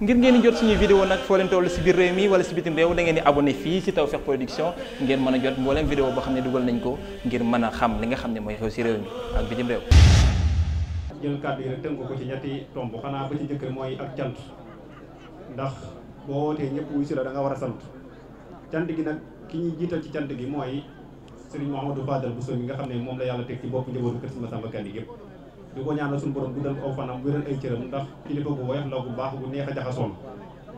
ngir ngeen di jot suñuy vidéo nag foo leen toll si biir réew mi wala si bitim réew da ngeen di abonné fii si Tawfekh Production ngeen mën a jot mbooleem vidéo boo xam ne dugal nañ ko ngir mën a xam li nga xam ne mooy xew si réew mi ak bitim réew jël kàddu yi rek tënk ko ci ñetti tomb xanaa ba ci njëkk mooy ak cant ndax boo wootee ñëpp wuy si la danga war a sant cant gi nag ki ñuy jiital ci jant gi mooy Serigne Mouhamadou Fadal Bousso mi nga xam ne moom la yàlla teg ci bopp njabootu kër di ko ñaanal suñu borom guddal aw fanam wéral ay cëram ndax kilifa gu woyof la gu baax gu neex a jaxasoon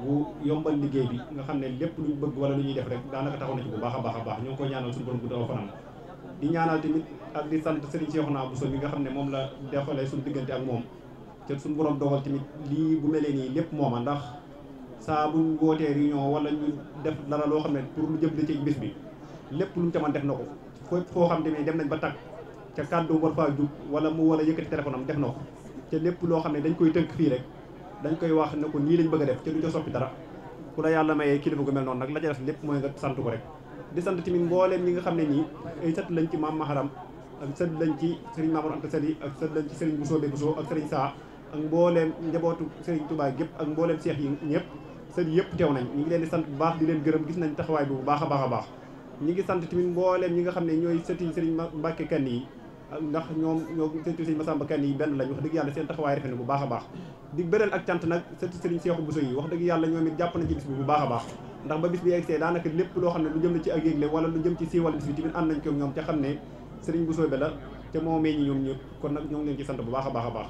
bu yombal liggéey bi nga xam ne lépp lu ñu bëgg wala lu ñuy def rek daanaka taxaw bu baax a baax a baax ñoo ngi koy ñaanal suñu borom guddal aw fanam di ñaanal tamit ak di sant Serigne nga xam ne moom la defalee suñu diggante ak moom te suñu borom dogal tamit lii bu melee nii lépp mooma ndax saa bu wootee wala ñu def dara loo xam ne pour lu jëm ci bis bi lépp lu mu ca mën def na ko foo xam demee dem nañ ba tàkk ca kàddu war faa jub wala mu war yëkkati téléphone def na ko ca lépp loo xam ne dañ koy tënk fii rek dañ koy wax ne ko nii lañ bëgg a def ca duñ ko soppi dara ku la yàlla mayee kilifa gu mel noonu nag la ca def lépp mooy nga sant ko rek di sant tamit mbooleem ñi nga xam ne nii ay sët lañ ci maam maharam ak sët lañ ci sëriñ Mamour Anta Sali ak sët lañ ci sëriñ Bousso Bey Bousso ak sëriñ Saa ak mbooleem njabootu sëriñ Touba gépp ak mbooleem seex yi ñëpp sët yëpp teew nañ ñu ngi leen di sant bu baax di leen gërëm gis nañ taxawaay bu baax a baax a baax ñi sant tamit mbooleem ñi nga xam ne ñooy sëti sëriñ Mbàkke Kan yi ndax ñoom ñoo surtout sëñ Massamba Kanni yi benn lañ wax dëgg yàlla seen taxawaay rafet na bu baax a baax di beral ak cant nag surtout sëriñ Seexu Bousso yi wax dëgg yàlla ñoom it jàpp nañ ci bis bi bu baax a baax ndax ba bis bi egsee daanaka lépp loo xam ne lu jëm na ci ak yégle wala lu jëm ci siiwal bis bi tamit am nañ ko ñoom ca xam ne sëriñ Bousso bi la te moo meññi ñoom ñëpp kon nag ñoo ngi leen ci sant bu baax a baax a baax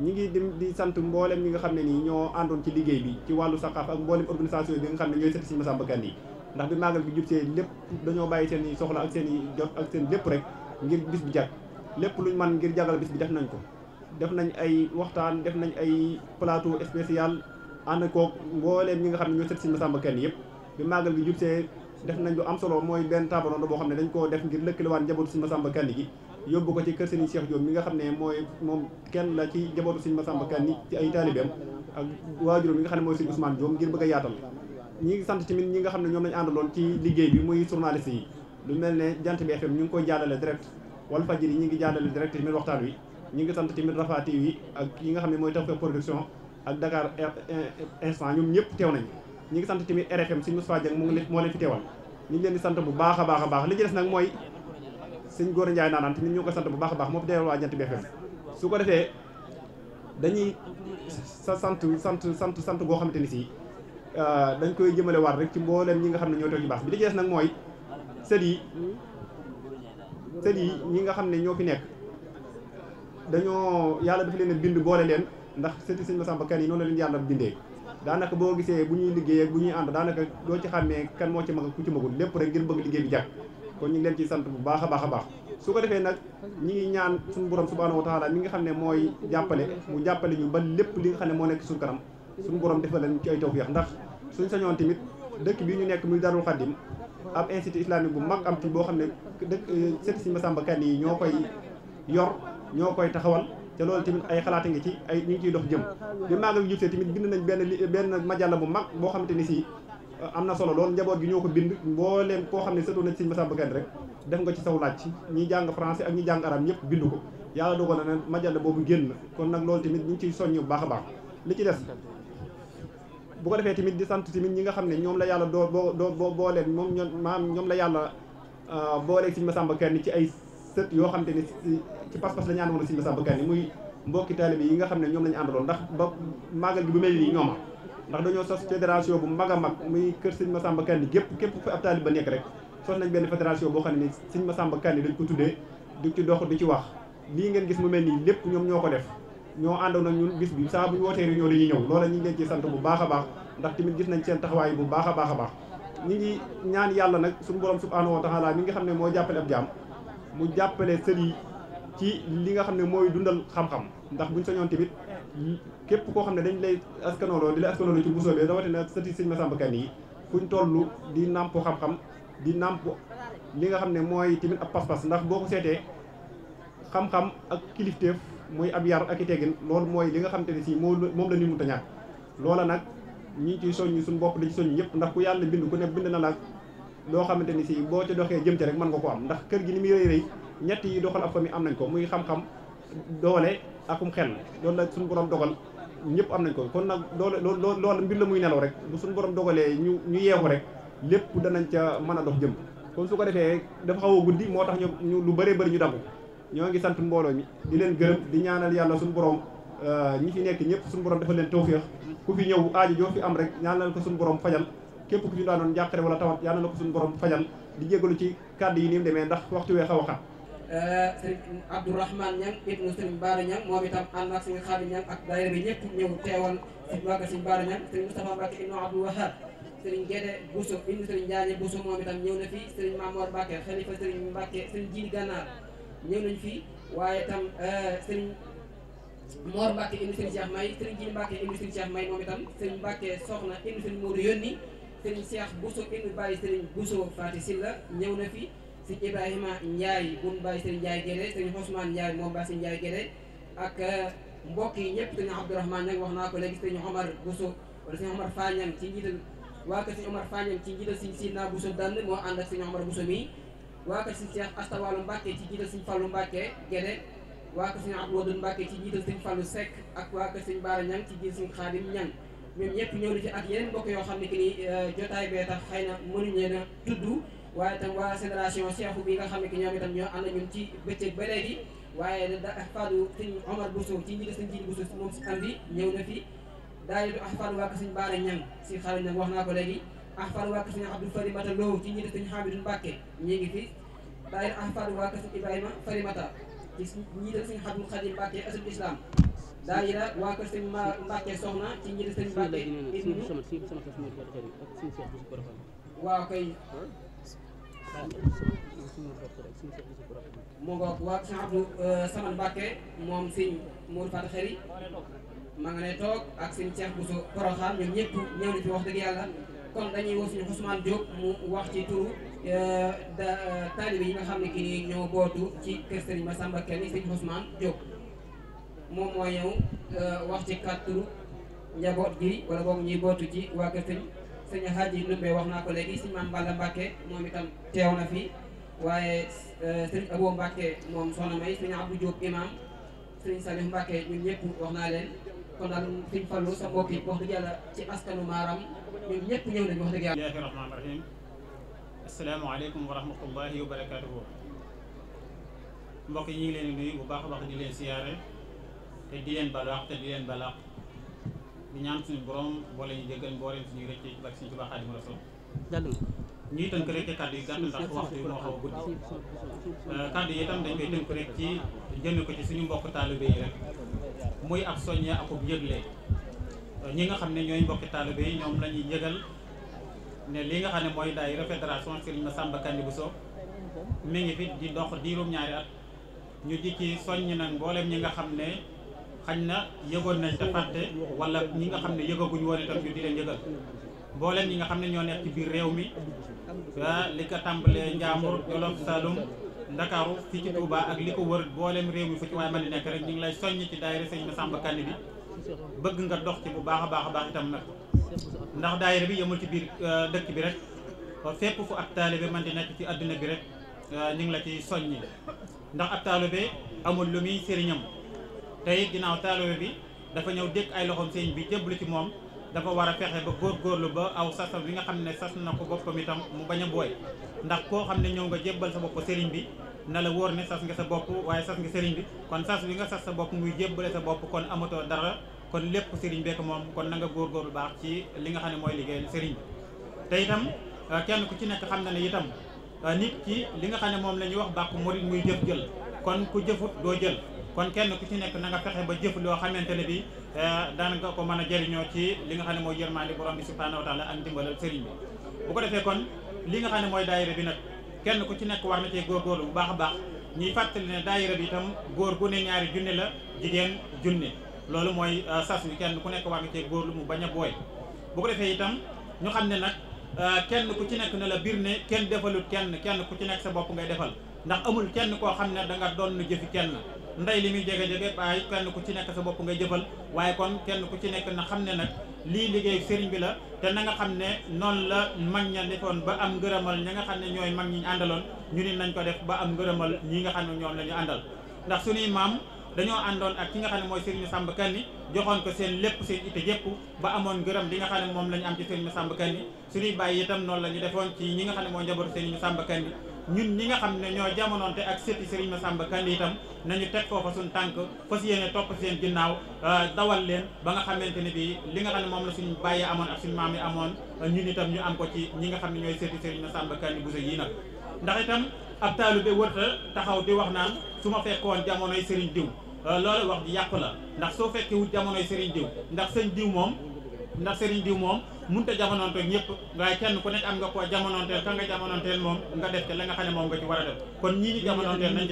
ñi ngi di sant mboolem ñi nga xam ne nii ñoo àndoon ci liggéey bi ci wàllu saqaaf ak mboolem organisation bi nga ne ñooy seeti sëriñ Massamba Kanni yi ndax bi maagal bi jub see lépp dañoo bàyyi seen i soxla ak i jot lépp luñ man ngir jagal bis bi def nañ ko def nañ ay waxtaan def nañ ay plateau spécial ànd koog mbooleem ñi nga xam ne ñoo seet si Massamba Kanni yëpp bi màggal bi jubsee def nañ lu am solo mooy benn table ronde boo xam ne dañ koo def ngir lëkkaliwaan njabootu Serigne Massamba Kanni gi yóbbu ko ci kër Serigne Cheikh Diop mi nga xam ne mooy moom kenn la ci njabootu ma Massamba Kanni ci ay taalibeem ak waajuram mi nga xam ne mooy Serigne Ousmane Diop ngir bëgg sant tamit ñi nga xam ne ñoom lañu àndaloon ci liggéey bi muy journaliste yi lu mel ne Jant bi FM ñu ngi koy jàllale direct Walfadjri yi ñu ngi jàllale direct tamit waxtaan wi ñi ngi sant tamit Rafah TV ak yi nga xam ne mooy Tawfekh Production ak Dakar instant ñoom ñëpp teew nañ ñi ngi sant tamit RFM sëñ Moustapha Dieng mu ngi moo leen fi teewal ñu leen sant bu baax a baax a baax li ci nag mooy sëñ Gora Ndiaye naanaan tamit ñoo ngi ko sant bu baax baax moo fi teewal waa Jant bi FM su ko defee dañuy sa sant sant sant sant goo xamante ni si euh, dañ koy jëmale waar rek ci mbooleem ñi nga xam ne ñoo toog baax bi li ci des mooy sët yi tël ñi nga xam ne ñoo fi nekk dañoo yàlla dafa leen a bind boole leen ndax sëti sëñ Massamba Kane yi noonu la leen yàlla bindee daanaka boo gisee bu ñuy liggéey ak bu ñuy ànd daanaka doo ci xàmmee kan moo ci mag ak ku ci magul lépp rek ngir bëgg liggéey bi jàpp kon ñu ngi leen ci sant bu baax a baax a baax su ko defee nag ñi ngi ñaan suñu borom subhanahu wa taala mi ngi xam ne mooy jàppale mu jàppale ñu ba lépp li nga xam ne moo nekk suñu kanam suñu borom defal leen ci ay tawfeex ndax suñ sañoon tamit dëkk bi ñu nekk muy darul xaddim ab institut islamique bu mag am fi boo xam ne dëkk sët si Masamba Kan yi ñoo koy yor ñoo koy taxawal te loolu tamit ay xalaat ngi ci ay ñu ngi ciy dox jëm bi maagal jub see tamit bind nañ benn benn majalla bu mag boo xamante ni si uh, am na solo loolu njaboot gi ñoo ko bind mbooleem koo xam ne sëtu nañ si Masamba Kan rek def nga ci saw laaj ci ñi jàng français ak ñi jàng arab ñëpp bind ko yàlla dogal na majalla boobu génn kon nag loolu tamit ñu ngi ciy soññ bu baax baax li ci des bu ko defee tamit di sant tamit ñi nga xam ne ñoom la yàlla doo boo doo booleen moom ñoom maam ñoom la yàlla euh, booleeg Sëñ Masamba Kanni ci ay sët yoo xam te ne ci pas-pas la ñu àndoon Sëñ Masamba Kanni muy mbokki taalibe yi nga xam ne ñoom la ndax ba màggal gi bu mel ñoom ndax dañoo sos fédération bu mag a mag muy kër Sëñ Masamba Kanni gépp képp fu ab taalibe ba nekk rek sos nañ benn fédération boo xam ne Sëñ Masamba Kanni dañ ko tuddee di ci dox di ci wax lii ngeen gis mu mel nii lépp ñoom ñoo ko def ñoo àndoon na ñun bis bi saa bu ñu wootee réunion dañuy ñëw loola ñu leen ci sant bu baax a baax ndax tamit gis nañ seen taxawaay bu baax a baax a baax ñi ngi ñaan yàlla nag su suñu borom subhanahu wa taala mi nga xam ne mooy jàppale ab jaam mu jàppale sët yi ci li nga xam ne mooy dundal xam-xam ndax buñ sañoon tamit képp koo xam ne dañ lay askanooloo di lay askanooloo ci Mbusoobe rawatina sëti sëñ Masamba Kanni yi fuñ toll di nàmpo xam-xam di nàmpo li nga xam ne mooy tamit ab pas-pas ndax boo ko seetee xam-xam ak kilifteef muy ab yar ak i teggin loolu mooy li nga xamante te ne si moom moom la nit mënta ñàkk loola nag ñi ciy soññ suñu bopp di ci soññ ñëpp ndax ku yàlla bind ku ne bind na la loo xamante ni si boo ci doxee jëm ci rek mën nga ko am ndax kër gi ni muy rëy rëy ñett yi doxal ab famille am nañ ko muy xam-xam doole akum xel loolu la suñu borom dogal ñëpp am nañ ko kon nag loolu lool loolu mbir la muy nelaw rek bu suñu borom dogalee ñu ñu yeewu rek lépp danañ ca mën a dox jëm kon su ko defee dafa xaw a guddi moo tax ñu lu bëree bëri ñu dabu ñoo ngi sant mbooloo mi di leen gërëm di ñaanal yàlla suñu boroom euh, ñi fi nekk ñëpp suñu borom dafa leen tawféex ku fi ñëw aajo joo fi am rek ñaanal ko suñ boroom fajal képp ku fi daanoon njàqare wala tawat yàlla na ko suñu borom fajal di jégalu ci kàddu yi nii mu demee ndax waxtu wee xaw a xat euh, sëriñ Abdourahmane Niang ibnu sëriñ Baara Niang moom itam ànd ak sëriñ Xaadim ak daayira bi ñëpp ñëw teewal sëriñ Baara sëriñ Baara Niang sëriñ Moustapha Mbacke ibnu Abdou Wahab sëriñ Gédé Bousso ibnu sëriñ Njaañe Bousso moom itam ñëw na ñëw nañ fii waaye tam euh, sëriñ Mor Mbacke indi sëriñ Cheikh May sëriñ Jili Mbacke indi sëriñ Cheikh May moom itam soxna indi sëriñ Modou yónni sëriñ Cheikh Bousso indi bàyyi sëriñ Bousso Fati Silla ñëw na fi sëriñ Ibrahima Ndiaye bun bàyyi sëriñ Ndiaye Guédé sëriñ Ousmane Ndiaye moom bàyyi sëriñ Ndiaye Guédé ak euh, mbokk yi ñëpp sëriñ Abdourahmane nag wax naa ko léegi sëriñ Omar Bousso wala sëriñ Omar Fagnam ci njiital waa kër sëriñ Omar Fagnam ci njiital sëriñ Sidna Bousso dann moo ànd ak sëriñ Omar Bousso mi waa kër si Cheikh Astawalu Mbacke ci jiital Sëñ Fallu Mbacke Guédé waa kër Sëñ Abdou Wadoud Mbacke ci jiital Sëñ Fallu Seck ak waa kër Sëñ Baara ci jiital Sëñ Xaadim Ñang ñoom ñëpp ñëw na ci ak yoo xam ne que ni euh, jotaay bee tax na mënuñ leen a tudd waaye itam waa génération bi nga xam ne que ñoom itam ñoo ànd ñun ci bëccëg ba léegi waaye da ahfaadu sëñ Omar ci njiitu sëñ Jiidi Bousso moom si am bi ñëw na fi daayira ahfaadu waa kër Sëñ Baara Ñang si xaalis nag wax naa ko léegi ahfadu waa kër sëñ Abdou Farimata Lo ci ñiiti sëñ Hamidou Mbacke ñu ngi fi daayira ahfadu waa kër sëñ Ibrahima Farimata ci ñiiti sëñ Abdou Khadim Mbacke asul islam daayira waa kër sëñ Mbacke soxna ci ñiiti sëñ Mbacke si koy mu ngoog waa kër sëñ Abdou euh, Saman Mbacke moom sëñ Mour Fat Xëri ma nga ne toog ak sëñ Cheikh Bousso Poroxaan ñoom ñëpp ñëw na ci wax dëgg yàlla kon dañuy woo suñu Ousmane Diop mu wax ci turu euh, taalibe yi nga xam ne ki nii ñoo bootu ci kër Serigne Massamba Kanni Serigne Ousmane Diop moom moo ñëw euh, wax ci kat turu njaboot gi wala boog ñuy bootu ci waa kër Serigne yi Hadji Ndoumbé wax naa ko léegi Serigne Mame Balla Mbacké moom itam teew na fi waaye euh, Serigne Abou Mbacké moom soxna may Serigne Abdou Diop imam Serigne Salif Mbacké ñun ñëpp wax naa leen kon nag fiñ fallu sa mbokk yi wax dëgg yàlla ci askanu maaram ñoom ñëpp ñëw nañu wax dëgg yàlla. bismillahi rahmaani rahim asalaamaaleykum wa rahmatullahi yi ñu ngi leen bu baax a baax di di leen balaax di leen balaax ñaan suñu borom boole ñu jéggal mbooleem suñuy rëcc ci barke suñu Tuubaa Xaadimu Rasuul ñuy tënk rek ci kàddu yi gàtt ndax waxtu yi moo xaw a guddi euh, kàddu yi itam dañ koy tënk rek ci jënd ko ci suñu mbokk taalibe yi rek muy ab soññee akub yëgle ñi nga xam ne ñooy mbokki taalibe yi ñoom la ñuy yëgal ne li nga xam ne mooy daayira fédération Serigne Massamba Kanni Bousso mi ngi fi di dox diirum ñaari at ñu di ci soññ nag mboolem ñi nga xam ne xañ na yëgoon nañ te fàtte wala ñi nga xam ne yëgaguñ woon itam ñu di leen yëgal ñi nga xam ne ñoo nekk ci biir réew mi wa ah, li ko tàmbalee Njaambur Jolof Saalum ndakaaru fii ci Touba ak li ko wër booleem réew mi fu ci waaye man di nekk rek ñu ngi lay soññ ci daayira sëñ Massamba Kanni bi bëgg nga dox ci bu baax a baax a baax itam nag ndax daayira bi yemul ci biir euh, dëkk bi rek fépp fu ab taalibe man di nekk ci àdduna bi rek euh, ñu ngi la ci soññi ndax ab taalibe amul lu muy sëriñam tey ginnaaw taalibe bi dafa ñëw dékk ay loxoom sëriñ bi jëblu ci moom dafa war a fexe ba góorlu ba aw sasam bi nga xam ne sas na ko boppam itam mu bañ a booy ndax koo xam ne ñëw nga jébbal sa bopp sëriñ bi na la wóor ne sas nga sa bopp waaye sas nga sëriñ bi kon sas bi nga sas sa bopp muy jébbale sa bopp kon amatoo dara kon lépp sëriñ bekk moom kon na nga góorgóorlu baax ci li nga xam ne mooy liggéeyal sëriñ bi te itam euh, kenn ku ci nekk xam na ne itam euh, nit ci li nga xam ne moom la ñuy wax bàqu murit muy jëf jël kon ku jëfut doo jël kon kenn ku ci nekk na nga fexe ba jëf loo xamante ne bi euh, daan nga ko mën a jëriñoo ci li nga xam ne mooy yërmande borom bi subhanahu wa taala ak ndimbalal sëriñ bi bu ko li nga xam ne mooy daayira bi nag kenn ku ci nekk war na cee góorgóorlu bu baax a baax ñuy fàttali ne daayira bi itam góor gu ne ñaari junne la jigéen junne loolu mooy euh, sas wi kenn ku nekk war na cee góorlu mu bañ a booy bu ko defee itam ñu xam ne nag Euh, kenn ku ci nekk ne la biir ne kenn defalut kenn kenn ku ci nekk sa bopp ngay defal ndax amul kenn koo xam ne danga nga doon jëfi kenn ndey li muy jege-jege waaye kenn ku ci nekk sa bopp ngay jëfal waaye kon kenn ku ci nekk na xam ne nag lii liggéey sëriñ bi la te na nga xam ne noonu la mag ña defoon ba am ngërëmal ña nga xam ne ñooy mag ñi ñu àndaloon ñu ni nañ ko def ba am ngërëmal ñi nga xam ne ñoom lañu ñu àndal ndax suñuy maam dañoo àndoon ak ki nga xam ne mooy Serigne Samba Kanni joxoon ko seen lépp seen ite jëpp ba amoon ngërëm li nga xam ne moom la am ci Serigne Samba Kanni suñuy bàyyi itam la ñu defoon ci ñi nga xam ne moo njabootu Serigne Samba ñun ñi nga xam ne ñoo jamonoonte ak sëti Serigne Massamba Kanni itam nañu teg foofa suñu tànk fas yéene topp seen ginnaaw euh, dawal leen ba nga xamante ne bi li nga xam ne moom la suñu bàyyee amoon ak suñu maam yi amoon euh, ñun itam ñu am ko ci ñi nga xam ne ñooy sëti Serigne Massamba Kanni bu yi nag ndax itam ab taalibe wërta taxaw di wax naan su ma fekkoon jamonoy Serigne diw Euh, loolu wax ji yàqu la ndax soo fekkee wut jamonoy sëriñ diw ndax sëñ diw moom ndax sëriñ diw moom mënut a jamonoonteel ñëpp waaye kenn ku nekk am nga koo jamonoonteel ka nga jamonoonteel moom nga def te la nga xam ne moom nga war a kon ñii ñu jamonoonteel nañ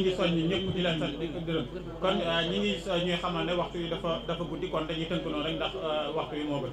ngi soññ ñëpp di leen sant di gërëm kon euh, ngi euh, ñuy xamal ne waxtu yi dafa dafa guddi kon dañuy tënk noonu rek ndax waxtu yi moo gën